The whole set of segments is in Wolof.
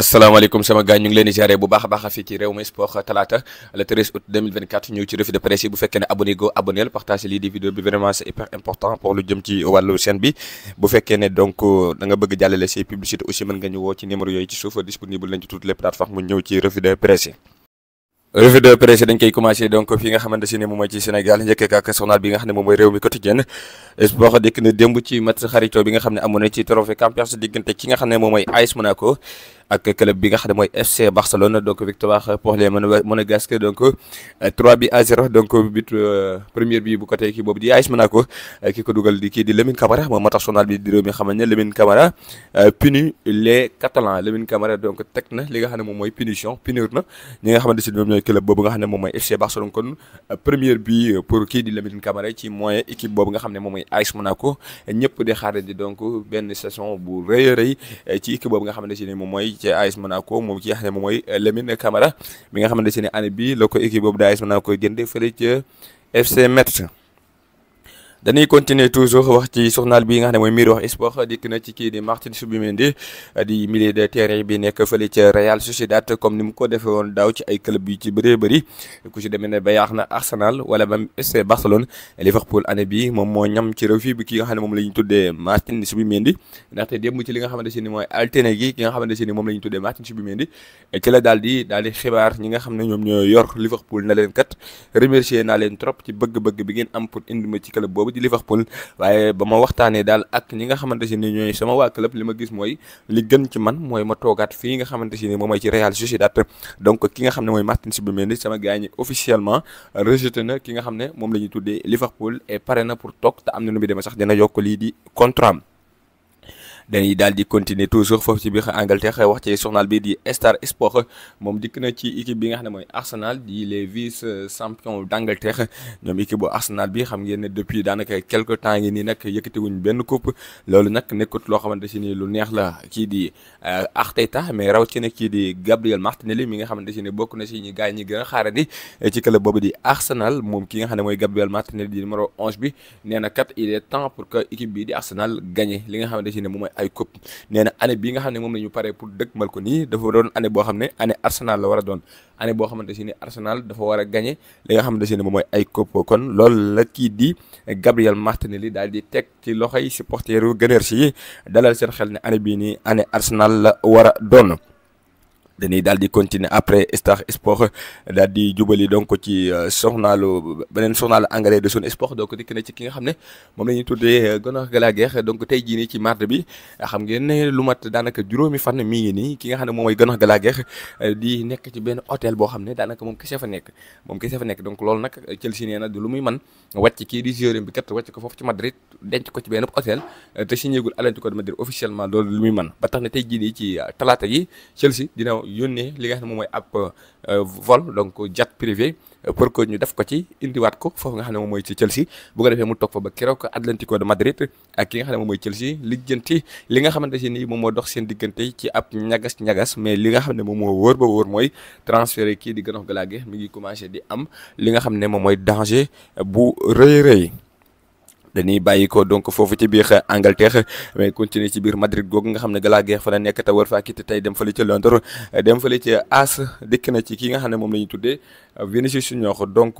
asalaamaaleykum sama gars ñu ngi leen di ziare bu baax a baax fii ci Rewmi Sport talaata le 13 août ñëw ci revue de presse bu fekkee ne abonné go abonné lii di vidéo bi vraiment c'est hyper important pour lu jëm ci wàllu chaîne bi bu fekkee ne donc da bëgg jàllale say publicité aussi mën nga ñu ci numéro yooyu ci suuf disponible nañ toutes les plateformes mu ñëw ci revue de presse dañ koy commencé donc fi nga xamante si ne moom mooy ci ak club bi nga xam ne mooy FC Barcelone donc victoire pour les monégasques donc 3 euh, euh, di euh, ki ko dugal moom na li nga xam ne moom mooy punition punir na ñi nga xamante si ñoom ñooy club boobu nga xam ne moom FC Barcelone kon premier bi pour kii di Lamine Camara ci moyen équipe boobu nga xam ne moom mooy AS Monaco ñëpp di xaarandi donc benn saison bu rëy a ci équipe boobu nga xam ne si ne moom mooy ci AS Monaco moom ki nga xam ne moom mooy eh, Lamine mi nga xamante ne année bi la ko équipe boobu da AS Monaco jënde fële ca FC Metz dañuy continuer toujours wax ci journal bi nga xam ne mooy Miroir Sport dikk na bi nekk fële ca Real Sociedad comme ni mu ko defee woon daaw ci ay club yu ci bëree bëri ku ci demee ne Bayern na Arsenal wala même FC moom moo ñam ci revue bi ki nga xam ne moom la ñu tuddee Martin Zubimendi ndaxte démb ci li nga xamante si ni mooy alterné gi ki nga xamante si ni moom la ñu tuddee Martin Zubimendi daal di daal di xibaar ñi nga xam ne ñoom ñoo yor Liverpool na leen kat remercier naa leen trop ci bëgg-bëgg bi ngeen am pour indi ma ci club boobu boobu di Liverpool waaye ba ma waxtaanee daal ak ñi nga xamante si ni ñooy sama waa club li ma gis mooy li gën ci man mooy ma toogaat fii nga xamante si ni moom mooy ci Real Sociedad donc ki nga xam ne mooy Martin Zubimendi sama gars ñi officiellement rejeté na nga xam ne moom la ñuy tuddee Liverpool et pare na pour toog te am na nu bi demee sax dina yokk lii di contrat am dañuy daal di continuer toujours foofu ci biir Angleterre wax ci journal bi di Star Sport moom dikk na ci équipe bi nga xam ne mooy Arsenal di les vice champions d'Angleterre ñoom équipe bu Arsenal bi xam ngeen ne depuis daanaka quelque temps ngi nii nag yëkkatiwuñ benn coupe loolu nag nekkut loo xamante si ni lu neex la kii di euh, Arteta mais rawatina kii di Gabriel Martinelli mi nga xamante si ni bokk na si ñi gars ñi gën a xaarandi ci club boobu di Arsenal moom ki nga xam ne mooy Gabriel Martinelli di numéro 11 bi nee na kat il est temps pour bi di Arsenal gagné li nga xamante si ne moom ay coupe nee na année bi nga xam ne moom la ñu paree pour dëkkmal ko nii dafa doon année boo xam ne année Arsenal la war a doon année boo xamante si ni Arsenal dafa war a gagné li nga xamante si ni moom mooy ay coupe kon loolu la kii di Gabriel Martinelli daal di teg ci loxo loxoy supporteru Gunners yi dalal seen xel ne année bii nii année Arsenal la war a doon dañuy daal di continuer après Star Sport daal di jubali donc ci soxnaalu euh, beneen soxnaalu engrais de Sun Sport donc dikk na ci ki nga xam ne moom la ñuy tuddee euh, Gonax Galaguer donc tey jii nii ci mardi bi xam ne lu mat daanaka ki nga xam ne moom mooy Gonax euh, di nekk ci benn hôtel boo xam ne daanaka moom kese fa nekk moom kese fa nekk donc loolu nag Chelsea nee na du lu muy man wàcc kii di joueur bi kat wàcc ko foofu ci Madrid denc ko ci benn hôtel te signé gul Atlético de Madrid officiellement loolu lu muy man ba tax na tey jii nii ci talaata yónnee li nga xam ne moom mooy ab euh, vol donc jet privé euh, pour que ñu def ko ci indiwaat ko foofu nga xam ne moom mooy ci Chelsea bu ko defee mu toog fa ba keroog Atlético de Madrid ak ki nga xam ne moom mooy Chelsea lijjanti li nga xamante si ni moom moo dox seen diggante ci ab ñagas ñagas mais li nga xam ne moom moo wóor ba wóor mooy transféré kii di gën a galaage mi ngi commencé di am li nga xam ne moom mooy danger bu rëy rëy. dañuy bàyyi ko donc foofu ci biir Angleterre mais continuer ci biir Madrid googu nga xam ne Gallagher fa la nekk te war faa quitté tey dem fële ca Londres dem fële ca As dikk na ci ki nga xam ne moom la ñu tuddee Vinicius Junior donc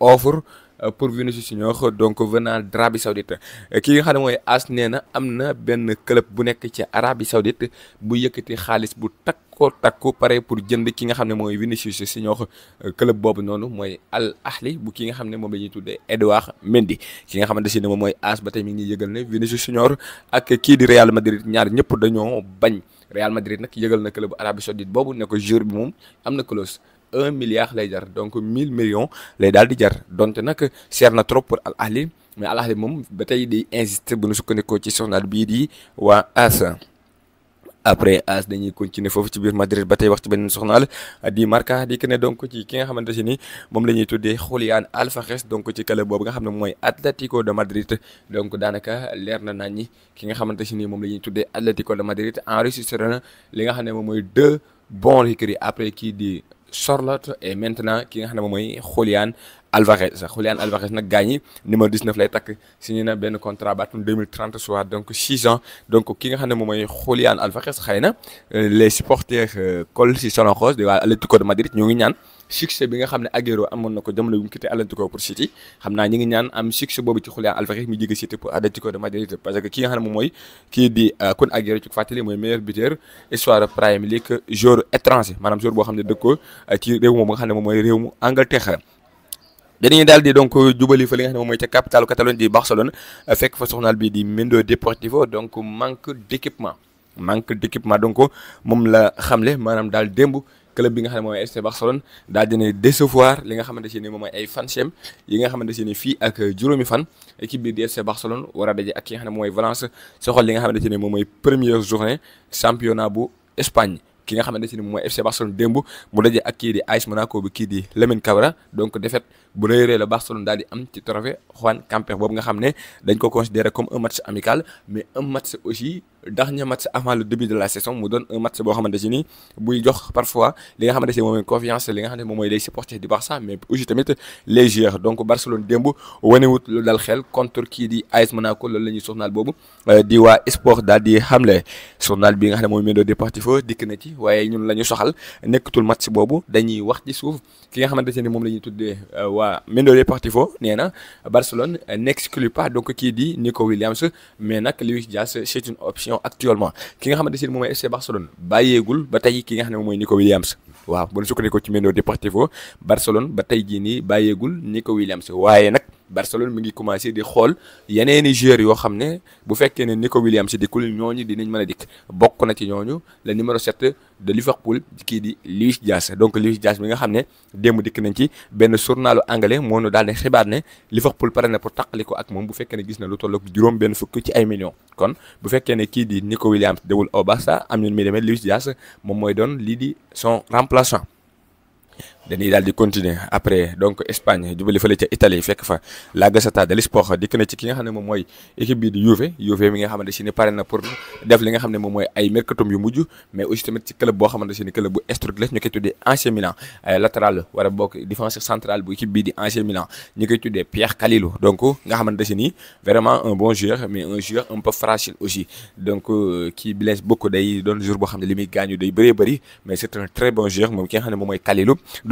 offre pour Vinicius Junior donc venant d'Arabie Saoudite ki nga xam ne mooy AS nee na am na benn club bu nekk ci Arabie Saoudite bu yëkkati xaalis bu takkoo takku pare pour jënd ki nga xam ne mooy Vinicius Junior club boobu noonu mooy Al Ahli bu ki nga xam ne moom la ñuy tuddee Edouard Mendy ki nga xamante si ne moom mooy AS ba tey mi ngi yëgal ne Vinicius Junior ak kii di Real Madrid ñaar ñëpp dañoo bañ Real Madrid nag yëgal na club Arabie Saoudite boobu ne ko jour bi moom am na un milliard lay jar donc mille millions lay daal di jar donte nag cher na trop pour Al Ahli mais Al Ahli moom ba tey day insister bu ñu sukkandikoo ci journal bii di waa AS. après AS dañuy continuer foofu ci biir Madrid ba tey wax ci beneen journal di Marca di que ne donc ci ki nga xamante si ni moom la ñuy tuddee Julián Álvarez donc ci club boobu nga xam ne mooy Atlético de Madrid donc daanaka leer na nañ ñi ki nga xamante si ni moom la ñuy tuddee Atlético de Madrid enregistré na li nga xam ne moom mooy deux bons recrues après kii di. Charlotte et maintenant ki nga xam ne moom mooy Julian Alvarez Julian Alvarez nag gaañ yi numéro 19 lay takk signé na benn contrat ba atum soit donc 6 ans donc ki nga xam ne moom mooy Julian Alvarez xëy na euh, les supporters euh, col si Sonoros di waa Atlético de Madrid ñoo ngi ñaan. succès bi nga xam ne Aguero amoon na ko jamono bi pour City xam naa ñi ngi am succès boobu ci Julián Álvarez mu jóge City pour Atlético de Madrid parce que ki nga xam ne moom mooy kii di euh, kon Aguero ci fàttali mooy meilleur buteur histoire Premier League joueur étranger maanaam joueur boo xam ne dëkkoo euh, ci réew moom nga moom di donc jubali nga xam ne moom mooy ca capitale Catalogne di Barcelone euh, fekk fa soxnaal bi di Mundo Deportivo donc manque d'équipement manque d'équipement donc moom la xamle maanaam daal démb club bi nga xam ne mooy FC Barcelone daal dina décevoir li nga xamante si ni moom mooy ay fansem yi nga xamante si ni fii ak juróomi fan équipe bi di FC Barcelone war a daje ak ki nga xam ne mooy li nga xamante si ni moom mooy première journée championnat bu Espagne ki nga xamante si ni moom mooy FC Barcelone démb mu daje ak kii di Monaco bi kii di Lamine Cabra donc défaite bu rëy rëy la Barcelone daal di am ci trophée Juan Camper boobu nga xam ne dañ ko considéré comme un match amical mais un match aussi dernier match avant le début de la saison mu doon un match boo xamante si ni buy jox parfois li nga xamante si moom mooy li nga xam ne moom mooy les supporters kii di AS Monaco loolu la ñuy journal boobu euh, di waa nga xam ne mooy Mundo Deportivo dikk na ci waaye ñun la ñu soxal nekkatul match boobu dañuy moom la ñuy tuddee euh, waa Mindoré Portivo nee na Barcelone n'exclut pas donc kii di Nico Williams mais nag Luis Diaz c'est une option actuellement ki nga xamante ne moom mooy FC Barcelone bàyyeegul ba tey ki nga xam ne moy mooy Nico Williams waaw bu ñu sukkandikoo ci Mindoré Portivo Barcelone ba tey ji nii bàyyeegul Nico Williams waaye nag. Barcelone mi ngi commencé di xool yeneeni i yoo xam ne bu fekkee ne Nico Williams dikkul ñooñu dinañ mën a dikk bokk na ci ñooñu le numéro 7 de Liverpool kii di Luis Diaz donc Luis Diaz mi nga xam ne démb dikk nañ ci benn journalu anglais moom ñu daal di xibaar ne Liverpool pare na pour taqali ko ak moom bu fekkee ne gis na lu tollook juróom benn fukk ci ay millions kon bu fekkee ne kii di Nico Williams dewul au Barça am ñun mi demee Luis moom mooy doon lii di son remplaçant dañuy daal di continuer après donc Espagne jubali fële ca Italie fekk fa la Gazzetta dello Sport dikk na ci ki nga xam ne moom mooy équipe bii di Juve Juve mi nga xamante si ni pare na pour def li nga xam ne moom mooy ay mercatum yu mujj mais aussi tamit ci club boo xamante si ni club bu Estruc la ñu koy tuddee AC Milan euh, latéral wala bokk défenseur central bu équipe bii di AC Milan ñu koy tuddee Pierre Kalilou donc nga euh, xam ne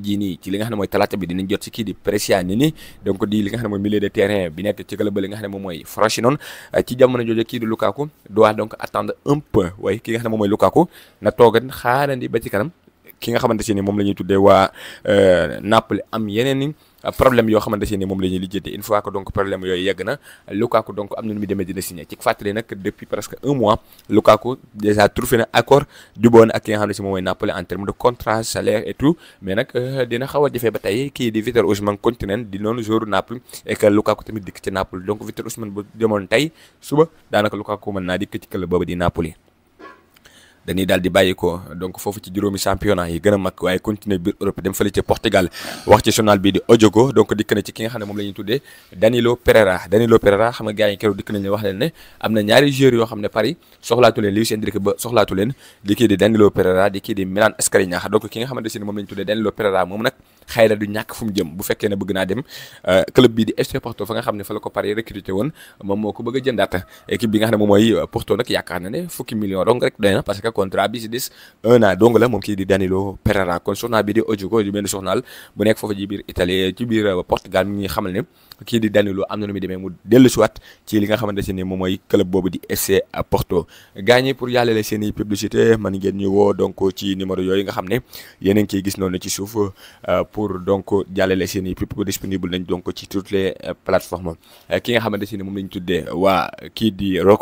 jii nii ci li nga xam ne mooy talaata bi dinañ jot si kii di Bresciani donc di li nga xam ne mooy milieu de terrain bi nekk ci club ba li nga xam moom mooy Frosinone ci jamono jooju kii di Lukaku doit donc attendre un peu waaye ki nga xam ne moom mooy Lukaku ba ci kanam ki nga xamante si ni moom la ñuy tuddee waa euh, Napoli am yeneen ni Euh, problème yoo xamante ne moom la ñuy lijjanti une fois que donc problème yooyu yegg na Lukaku donc am na nu muy demee dina signé ci fàttali nag depuis presque un mois Lukaku déjà trouvé na accord jubboon ak ki nga xam ne si moom mooy Napoli en terme de contrat salaire et tout mais nag euh, dina xaw a jafe ba tey kii di Victor Osimhen continent di noonu joueur Naples et que Lukaku tamit dikk ci Napoli donc Victor Osimhen bu demoon tey suba daanaka Lukaku mën dañuy daal di bàyyi ko donc foofu ci juróomi championnat yi gën a mag waaye continuer biir Europe dem fële ca Portugal wax ci journal bi di Odiogo donc dikk na wax leen am na ñaari joueurs yoo xam ne Paris soxlaatu leen li seen direk ba soxlaatu leen di kii di Danilo Pereira di kii di Milan Skriniar donc ki nga xamante ne moom la tuddee Danilo Pereira moom nag xëy na du ñàkk fu jëm bu fekkee ne bëgg naa dem euh, club bi di FC Porto fa nga xam ne contrat bi si des un an donc la moom kii di Danilo Pereira kon soxna bi di Ojukwu di benn soxnaal bu nekk foofu ci biir Italie euh, ngi xamal ne kii di ci li nga xamante ne moom mooy club boobu di FC i publicité man ngeen ñu woo donc ci numéro yooyu nga xam ne yéen a ngi i euh, pub disponible nañ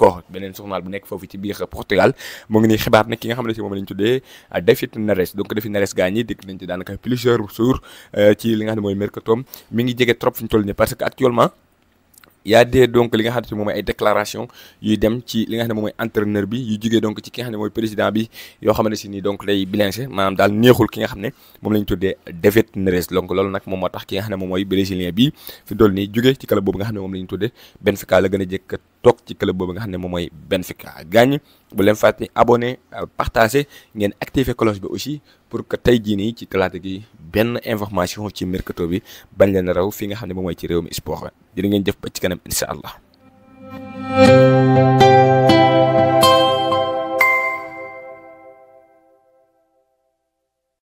euh, beneen journal bu nekk foofu ci biir Portugal mu ngi ni xibaar ne ki nga xam ne si moom lañ tuddee euh, David Neres donc David Neres gaa ñi dégg nañ ci daanaka plusieurs jours euh, ci li nga xam ne mooy mercato mi ngi jege trop fi ñu toll nii parce que actuellement. y a des donc li nga xam ne moom mooy ay dem ci li nga xam ne moom bi yu jugee donc ci ki nga xam yoo xam ne si nii donc day bilancé maanaam ki nga ne moom la ñu tuddee David Neres donc loolu nag moom moo tax ki nga xam ne moom mooy brésilien bi fi dool nii jugee ci kala boobu nga xam ne moom la ñu tuddee Benfica la gën a jëkk toog ci club boobu nga xam ne moom mooy Benfica gaañ bu leen fàtte abonné euh, partagé ngeen activé cloche bi aussi pour que tey jii nii ci talaata gi benn information ci mercato bi bañ leen raw fi nga xam ne moom mooy ci réew mi sport jërë ngeen jëf ba ci kanam incha allah.